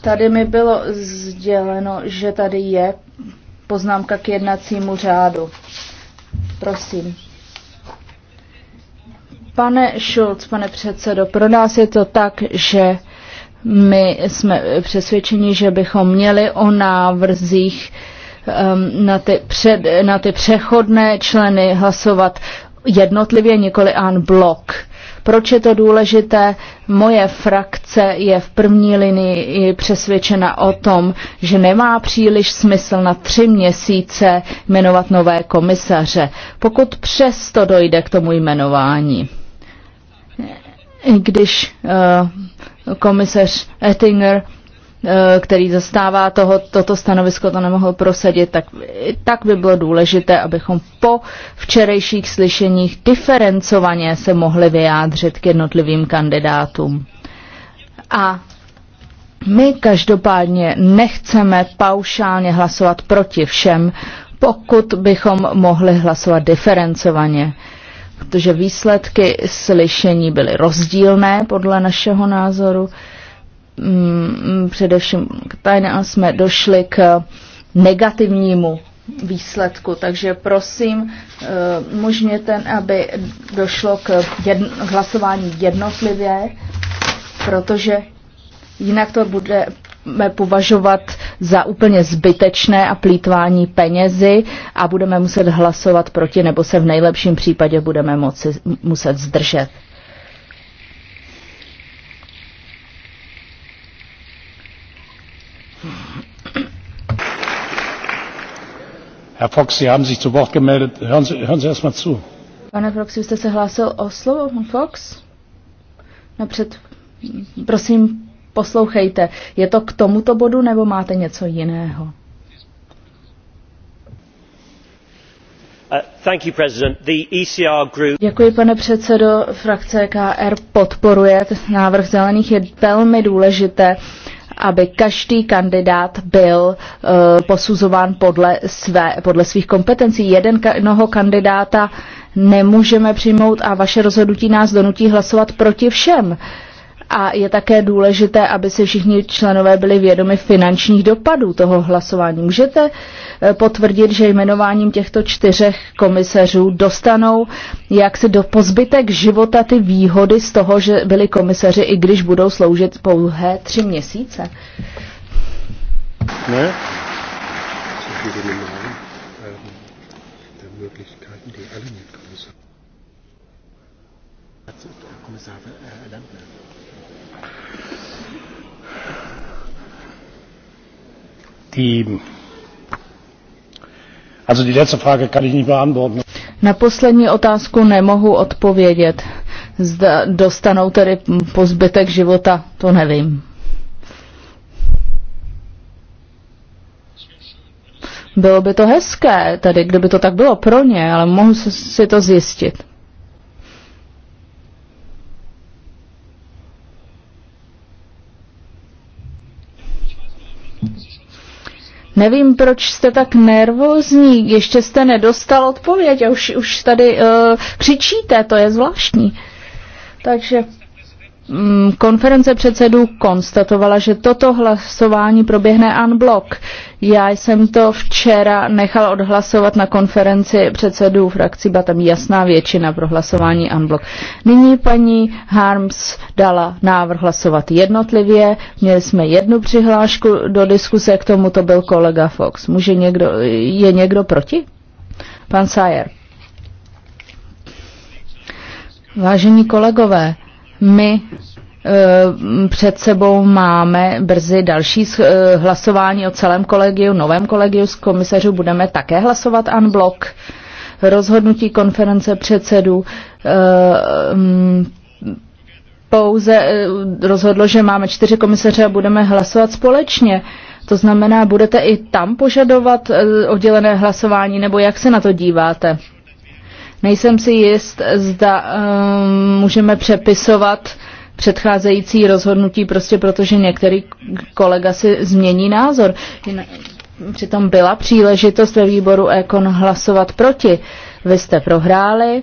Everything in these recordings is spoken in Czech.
Tady mi bylo sděleno, že tady je poznámka k jednacímu řádu. Prosím. Pane Schulz, pane předsedo, pro nás je to tak, že my jsme přesvědčeni, že bychom měli o návrzích um, na, ty před, na ty přechodné členy hlasovat jednotlivě, nikoli an blok proč je to důležité? Moje frakce je v první linii přesvědčena o tom, že nemá příliš smysl na tři měsíce jmenovat nové komisaře, pokud přesto dojde k tomu jmenování. Když uh, komisař Ettinger Eh, který zastává toho, toto stanovisko, to nemohl prosadit, tak, tak by bylo důležité, abychom po včerejších slyšeních diferencovaně se mohli vyjádřit k jednotlivým kandidátům. A my každopádně nechceme paušálně hlasovat proti všem, pokud bychom mohli hlasovat diferencovaně, protože výsledky slyšení byly rozdílné podle našeho názoru. Mm, především k a jsme došli k negativnímu výsledku. Takže prosím, eh, ten aby došlo k, jedno, k hlasování jednotlivě, protože jinak to budeme považovat za úplně zbytečné a plítvání penězi a budeme muset hlasovat proti, nebo se v nejlepším případě budeme moci, muset zdržet. pane Fox, Pane jste se hlásil o slovo, pan Fox? Napřed, no prosím, poslouchejte. Je to k tomuto bodu, nebo máte něco jiného? Uh, e Děkuji, pane předsedo. Frakce e KR podporuje návrh zelených. Je velmi důležité, aby každý kandidát byl eh, posuzován podle, své, podle svých kompetencí. Jeden Jednoho kandidáta nemůžeme přijmout a vaše rozhodnutí nás donutí hlasovat proti všem. A je také důležité, aby se všichni členové byli vědomi finančních dopadů toho hlasování. Můžete Eh, potvrdit, že jmenováním těchto čtyřech komisařů dostanou jak se do pozbytek života ty výhody z toho, že byli komisaři, i když budou sloužit pouhé tři měsíce? Ne? Die Also die letzte Frage kann ich nicht beantworten. Na poslední otázku nemohu odpovědět. Zda dostanou tedy po zbytek života, to nevím. Bylo by to hezké, tady, kdyby to tak bylo pro ně, ale mohu si to zjistit. Nevím, proč jste tak nervózní, ještě jste nedostal odpověď a už, už tady uh, křičíte, to je zvláštní. Takže Mm, konference předsedů konstatovala, že toto hlasování proběhne unblock. Já jsem to včera nechal odhlasovat na konferenci předsedů frakcí, byla tam jasná většina pro hlasování unblock. Nyní paní Harms dala návrh hlasovat jednotlivě. Měli jsme jednu přihlášku do diskuse, k tomu to byl kolega Fox. Může někdo, je někdo proti? Pan Sayer. Vážení kolegové, my eh, před sebou máme brzy další eh, hlasování o celém kolegiu, novém kolegiu s komisařů. Budeme také hlasovat unblock. Rozhodnutí konference předsedů eh, mm, pouze rozhodlo, že máme čtyři komisaře a budeme hlasovat společně. To znamená, budete i tam požadovat oddělené hlasování, nebo jak se na to díváte? Nejsem si jist, zda um, můžeme přepisovat předcházející rozhodnutí prostě proto, že některý kolega si změní názor. Přitom byla příležitost ve výboru Ekon hlasovat proti. Vy jste prohráli,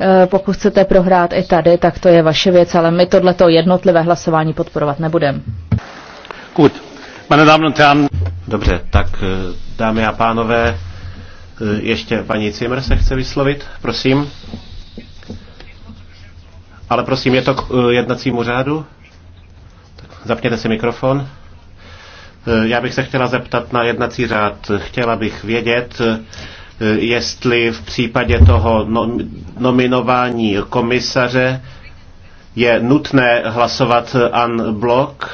eh, pokud chcete prohrát i tady, tak to je vaše věc, ale my tohleto jednotlivé hlasování podporovat nebudeme. Dobře, tak eh, dámy a pánové, Eh, ještě paní Cimr se chce vyslovit, prosím. Ale prosím, je to k eh, jednacímu řádu? Tak zapněte si mikrofon. Eh, já bych se chtěla zeptat na jednací řád. Chtěla bych vědět, jestli v případě toho no-, nominování komisaře je nutné hlasovat an blok,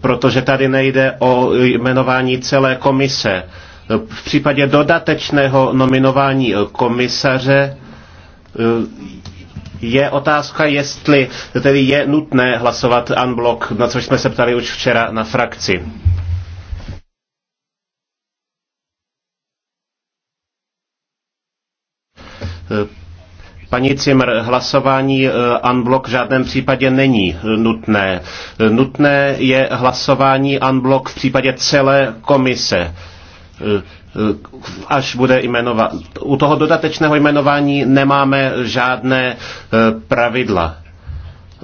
protože tady nejde o jmenování celé komise v případě dodatečného nominování eh, komisaře eh, je otázka, jestli tedy je nutné hlasovat unblock, na což jsme se ptali už včera na frakci. Eh, paní Cimr, hlasování unblock v žádném případě není nutné. Nutné je hlasování unblock v případě celé komise Eh, až bude jmenovat. U toho dodatečného jmenování nemáme žádné eh, pravidla.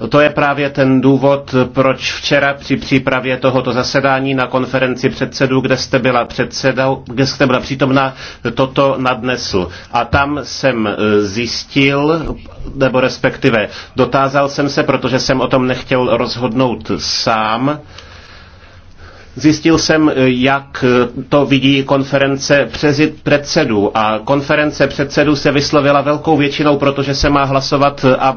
To je právě ten důvod, proč včera při přípravě tohoto zasedání na konferenci předsedů, kde jste byla, předsedou, kde jste byla přítomna, toto nadnesl. A tam jsem eh, zjistil, nebo respektive dotázal jsem se, protože jsem o tom nechtěl rozhodnout sám, Zjistil jsem, eh, jak eh, to vidí konference předsedů. A konference předsedů se vyslovila velkou většinou, protože se má hlasovat eh,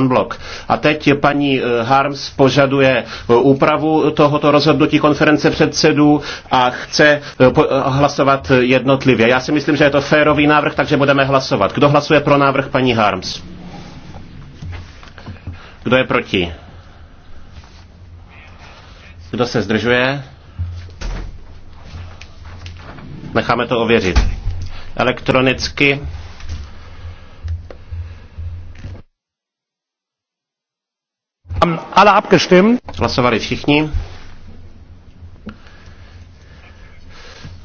unblock. A teď paní Harms požaduje úpravu tohoto rozhodnutí konference předsedů a chce hlasovat jednotlivě. Já si myslím, že je to férový návrh, takže budeme hlasovat. Kdo hlasuje pro návrh paní Harms? Kdo je proti? Kdo se zdržuje? Necháme to ověřit. Elektronicky. Ale abgestimmt. Hlasovali všichni.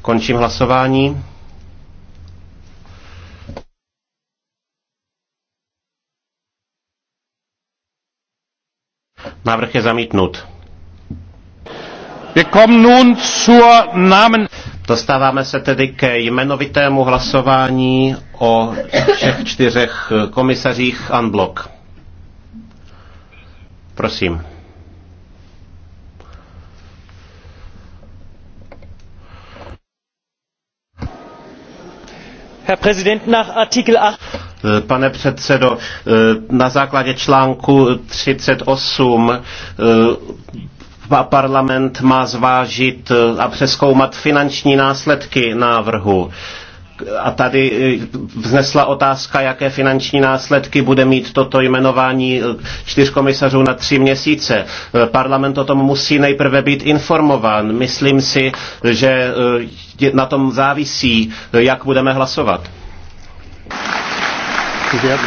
Končím hlasování. Návrh je zamítnut. Dostáváme se tedy ke jmenovitému hlasování o všech čtyřech komisařích Unblock. Prosím. Herr Präsident, nach Artikel 8. Pane předsedo, na základě článku 38 parlament má zvážit eh, a přeskoumat finanční následky návrhu. A tady eh, vznesla otázka, jaké finanční následky bude mít toto jmenování eh, čtyř komisařů na tři měsíce. Parlament o tom musí nejprve být informován. Myslím si, že na tom závisí, jak budeme hlasovat. Děkujeme.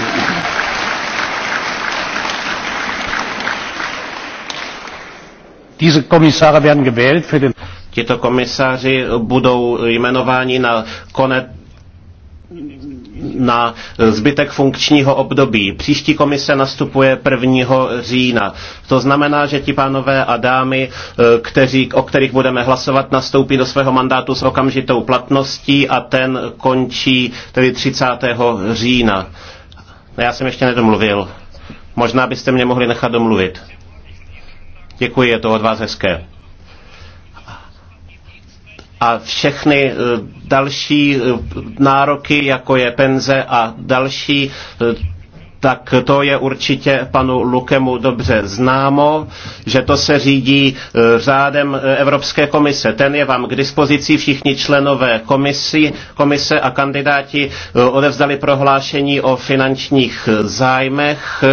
Tito komisáři budou jmenováni na konec na zbytek funkčního období. Příští komise nastupuje 1. října. To znamená, že ti pánové a dámy, eh, kteří, o kterých budeme hlasovat, nastoupí do svého mandátu s okamžitou platností a ten končí tedy 30. října. No, já jsem ještě nedomluvil. Možná byste mě mohli nechat domluvit. Děkuji, je to od vás hezké. A všechny eh, další eh, nároky, jako je penze a další eh, tak to je určitě panu Lukemu dobře známo, že to se řídí e, řádem e, Evropské komise. Ten je vám k dispozici, všichni členové komisi, komise a kandidáti e, odevzdali prohlášení o finančních zájmech,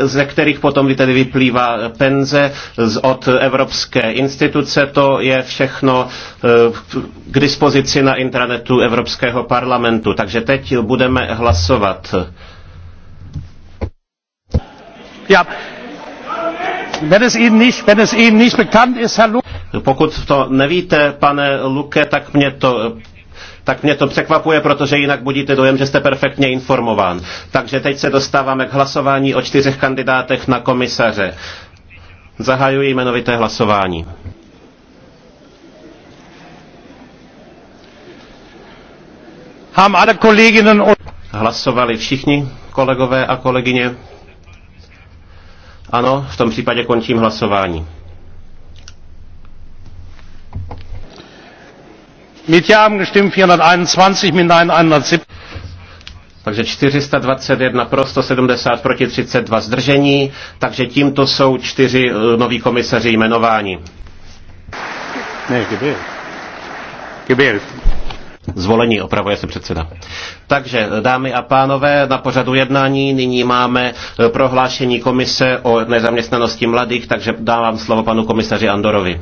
ze kterých potom tedy vyplývá penze od Evropské instituce. To je všechno k dispozici na intranetu Evropského parlamentu. Takže teď budeme hlasovat. Pokud to nevíte, pane Luke, tak mě to tak mě to překvapuje, protože jinak budíte dojem, že jste perfektně informován. Takže teď se dostáváme k hlasování o čtyřech kandidátech na komisaře. Zahajuji jmenovité hlasování. Hlasovali všichni kolegové a kolegyně. Ano, v tom případě končím hlasování. Mit Ja haben gestimmt 421, mit Nein 170. Takže 421 pro, 170 proti 32 zdržení, takže tímto jsou čtyři eh, noví komisaři jmenováni. Ne, Kde Geběl. Zvolení, opravuje se předseda. Takže, dámy a pánové, na pořadu jednání nyní máme eh, prohlášení komise o nezaměstnanosti mladých, takže dávám slovo panu komisaři Andorovi.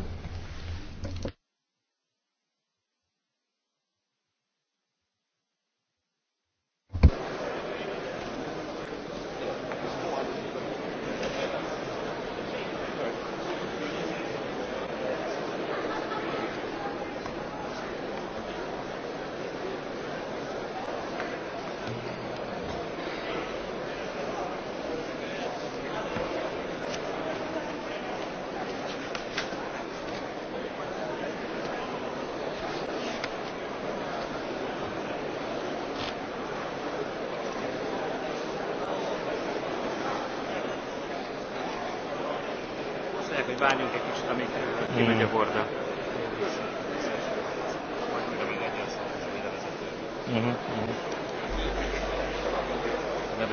váljunk egy kicsit, amíg kimegy a borda. Uh-huh, uh-huh. Ne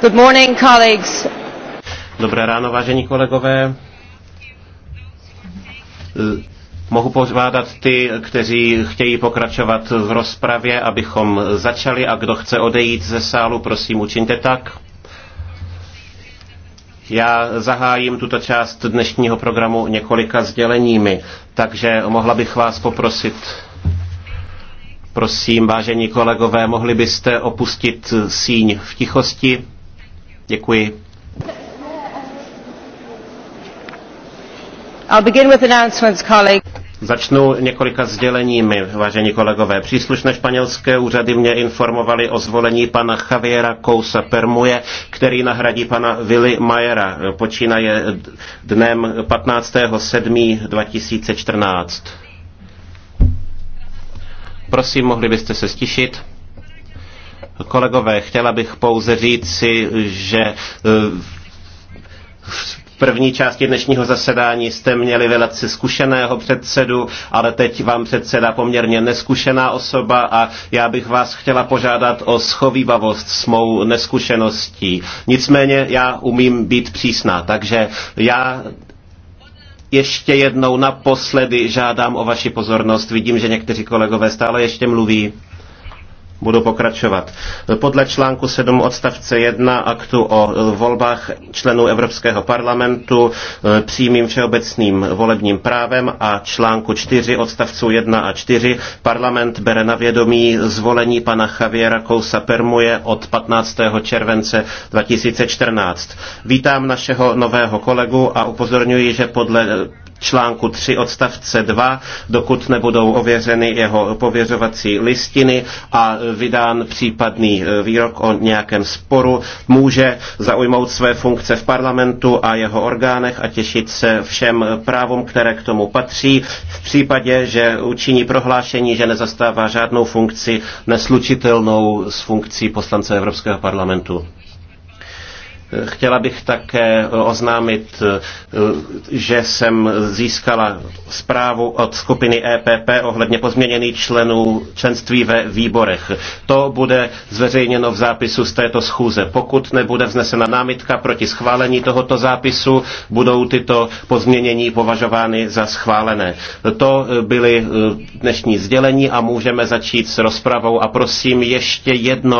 Good morning, colleagues. Dobré ráno, vážení kolegové. Mohu pozvádat ty, kteří chtějí pokračovat v rozpravě, abychom začali a kdo chce odejít ze sálu, prosím, učiňte tak. Já zahájím tuto část dnešního programu několika sděleními, takže mohla bych vás poprosit Prosím, vážení kolegové, mohli byste opustit síň v tichosti? Děkuji. I'll begin with announcements, colleague. Začnu několika sděleními, vážení kolegové. Příslušné španělské úřady mě informovali o zvolení pana Javiera Kousa Permuje, který nahradí pana Vili Majera. Počínaje dnem 15.7.2014. Prosím, mohli byste se stišit. Kolegové, chtěla bych pouze říci, že eh, v první části dnešního zasedání jste měli velice zkušeného předsedu, ale teď vám předseda poměrně neskušená osoba a já bych vás chtěla požádat o schovývavost s mou neskušeností. Nicméně já umím být přísná, takže já ještě jednou naposledy žádám o vaši pozornost. Vidím, že někteří kolegové stále ještě mluví. Budu pokračovat. Podle článku 7 odstavce 1 aktu o volbách členů Evropského parlamentu eh, přímým všeobecným volebním právem a článku 4 odstavců 1 a 4 parlament bere na vědomí zvolení pana Javiera Kousa Permuje od 15. července 2014. Vítám našeho nového kolegu a upozorňuji, že podle článku 3 odstavce 2, dokud nebudou ověřeny jeho pověřovací listiny a vydán případný e, výrok o nějakém sporu, může zaujmout své funkce v parlamentu a jeho orgánech a těšit se všem právům, které k tomu patří. V případě, že učiní prohlášení, že nezastává žádnou funkci neslučitelnou s funkcí poslance Evropského parlamentu. Chtěla bych také oznámit, eh, že jsem získala zprávu od skupiny EPP ohledně pozměněných členů členství ve výborech. To bude zveřejněno v zápisu z této schůze. Pokud nebude vznesena námitka proti schválení tohoto zápisu, budou tyto pozměnění považovány za schválené. To byly eh, dnešní sdělení a můžeme začít s rozpravou a prosím ještě jedno